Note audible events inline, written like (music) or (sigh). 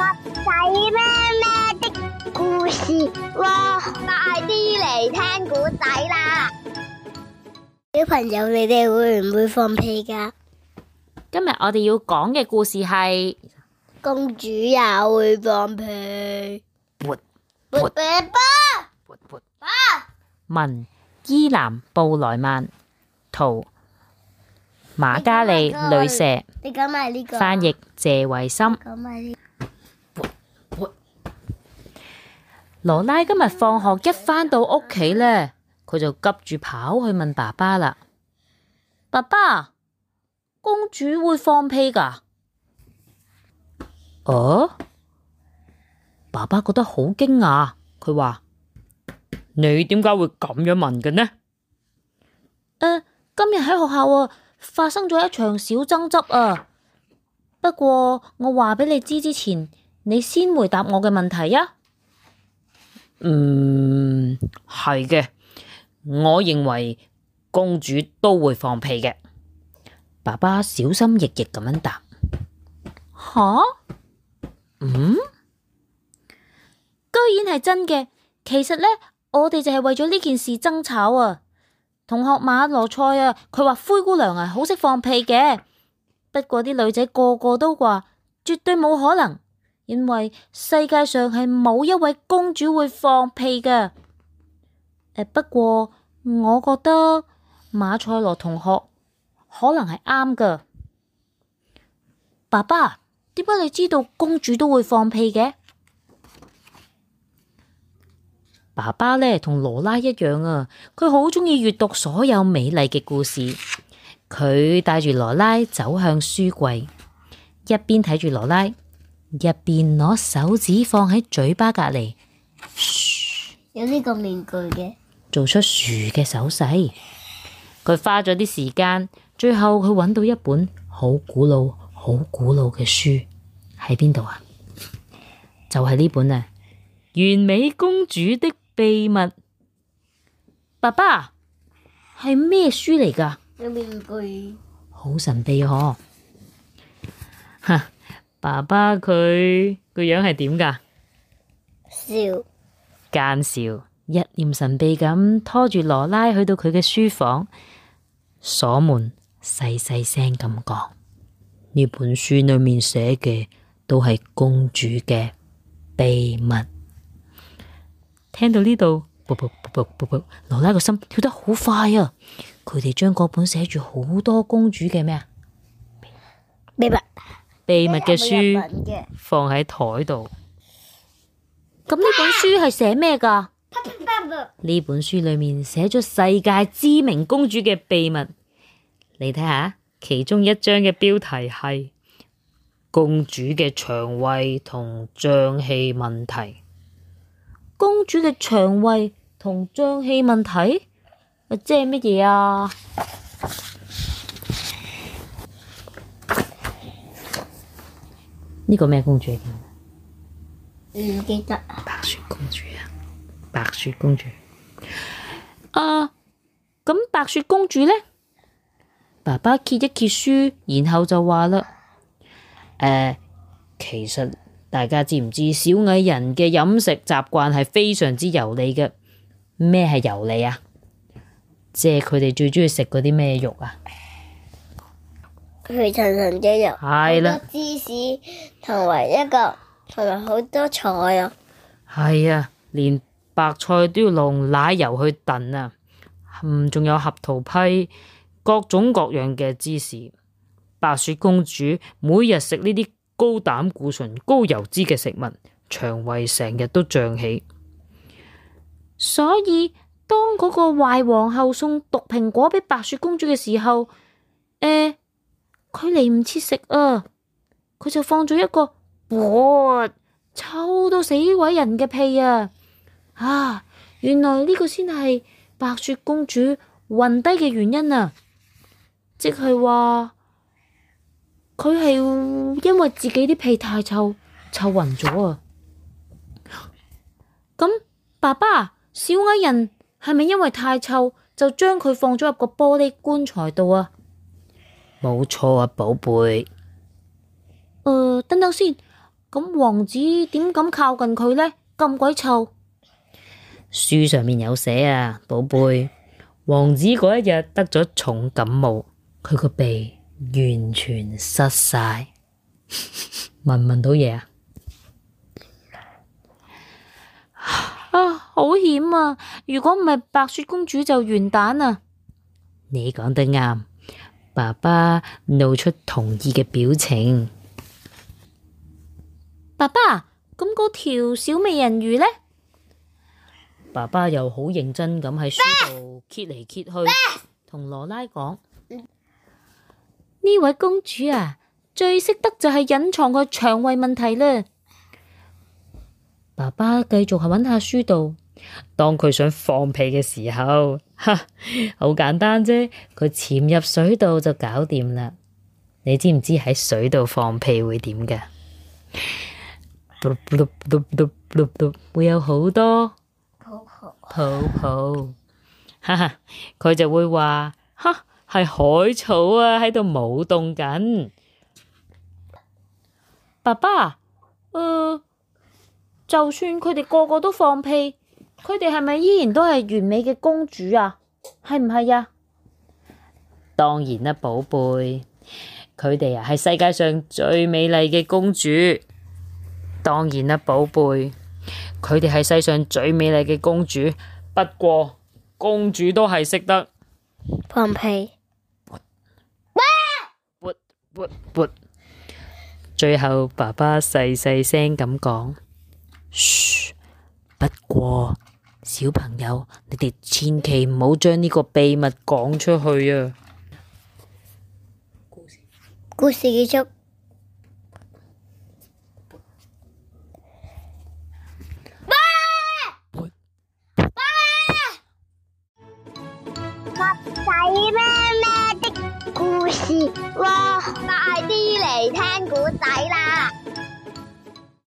仔咩咩的故事喎，快啲嚟聽古仔啦！小朋友，你哋會唔會放屁噶？今日我哋要講嘅故事係公主也會放屁。活活爸爸，活活爸。文伊藍布萊曼，圖瑪嘉莉呂榭，翻譯謝蕙心。羅拉今日放學一返到屋企呢，佢就急住跑去問爸爸啦。爸爸，公主會放屁噶哦、啊，爸爸覺得好驚訝，佢話：你點解會咁樣問嘅呢？啊、今日喺學校啊，發生咗一場小爭執啊。不過我話俾你知之前，你先回答我嘅問題啊。嗯，係嘅，我認為公主都會放屁嘅。爸爸小心翼翼咁樣答。吓哈？嗯？居然係真嘅？其實呢，我哋就係為咗呢件事爭吵啊。同學馬羅賽啊，佢話灰姑娘啊好識放屁嘅。不過啲女仔個個都話絕對冇可能。因為世界上係冇一位公主會放屁嘅。不過我覺得馬賽羅同學可能係啱噶。爸爸，點解你知道公主都會放屁嘅？爸爸呢同羅拉一樣啊，佢好鍾意閱讀所有美麗嘅故事。佢帶住羅拉走向書櫃，一邊睇住羅拉。入邊攞手指放喺嘴巴隔籬，噓，有呢個面具嘅，做出噓嘅手勢。佢花咗啲時間，最後佢揾到一本好古老、好古老嘅書喺邊度啊？就係呢本啊！ (laughs) 完美公主的秘密，爸爸係咩書嚟噶？有面具，好神秘哦！哈～爸爸佢個樣係點噶？笑奸笑，一臉神秘咁拖住羅拉去到佢嘅書房，鎖門，細細聲咁講：呢本書裏面寫嘅都係公主嘅秘密。聽到呢度，噗噗噗噗噗噗，羅拉個心跳得好快啊！佢哋將嗰本寫住好多公主嘅咩啊？秘密。秘密嘅書放喺台度，咁呢本書係寫咩噶？呢本書裏面寫咗世界知名公主嘅秘密，你睇下，其中一張嘅標題係公主嘅腸胃同脹氣問題。公主嘅腸胃同脹氣問題，即係乜嘢啊？呢個咩公主嚟嘅？唔記得。白雪公主啊！白雪公主。啊，咁白雪公主呢？爸爸揭一揭書，然後就話啦。啊，其實大家知唔知小矮人嘅飲食習慣係非常之油膩嘅？咩係油膩啊？即係佢哋最中意食嗰啲咩肉啊？肥層層嘅肉，好多芝士，同埋一個，同埋好多菜啊！係啊，連白菜都要用奶油去燉啊。嗯，仲有合桃批，各種各樣嘅芝士。白雪公主每日食呢啲高膽固醇、高油脂嘅食物，腸胃成日都脹起。所以當嗰個壞皇后送毒蘋果俾白雪公主嘅時候，誒、欸。佢嚟唔切食啊！佢就放咗一個，噗，臭到死鬼人嘅屁啊！啊！原來呢個先係白雪公主暈低嘅原因啊！即係話佢係因為自己啲屁太臭，臭暈咗啊！咁、啊，爸爸，小矮人係咪因為太臭，就將佢放咗入個玻璃棺材度啊？冇錯啊，寶貝。誒，等等先，咁王子點敢靠近佢呢？咁鬼臭。書上面有寫啊，寶貝，王子嗰一日得咗重感冒，佢個鼻完全塞晒，聞唔聞到嘢啊？啊，好險啊！如果唔係白雪公主就完蛋啦。你講得啱。爸爸露出同意嘅表情。爸爸，咁嗰條小美人魚呢？爸爸又好認真咁喺書度揭嚟揭去，同羅爸拉講：呢位公主啊，最識得就係隱藏個腸胃問題啦。爸爸繼續係揾下書度，當佢想放屁嘅時候。哈，好簡單啫，佢潛入水度就搞掂啦。你知唔知喺水度放屁會點噶？會有好多，好好泡泡，哈哈，佢就會話，哈，係海草啊喺度舞動緊。爸爸，呃，就算佢哋個個都放屁。佢哋係咪依然都係完美嘅公主啊？係唔係啊？當然啦，寶貝，佢哋啊係世界上最美麗嘅公主。當然啦，寶貝，佢哋係世上最美麗嘅公主。不過，公主都係識得放屁。活活活，最後爸爸細細聲咁講：嘘。不過。小朋友，你哋千祈唔好將呢個秘密講出去啊！故事結束。咩？咩？襪仔咩咩的故事喎？快啲嚟聽古仔啦！